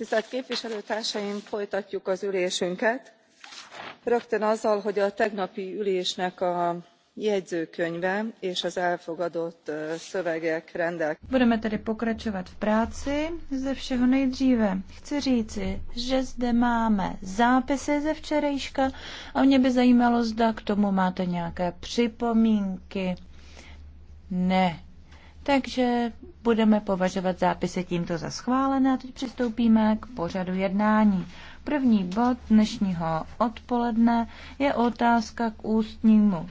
tisztelt képviselőtársaim folytatjuk az ülésünket rögtön azzal hogy a tegnapi ülésnek a jegyzőkönyve és az elfogadott szövegek rendelkezésre. Budeme tedy pokračovat v práci. Ze všeho chci že zde máme zápisy ze a by zajímalo, zda k tomu máte nějaké připomínky. Ne. Takže budeme považovat zápisy tímto za schválené a teď přistoupíme k pořadu jednání. První bod dnešního odpoledne je otázka k ústnímu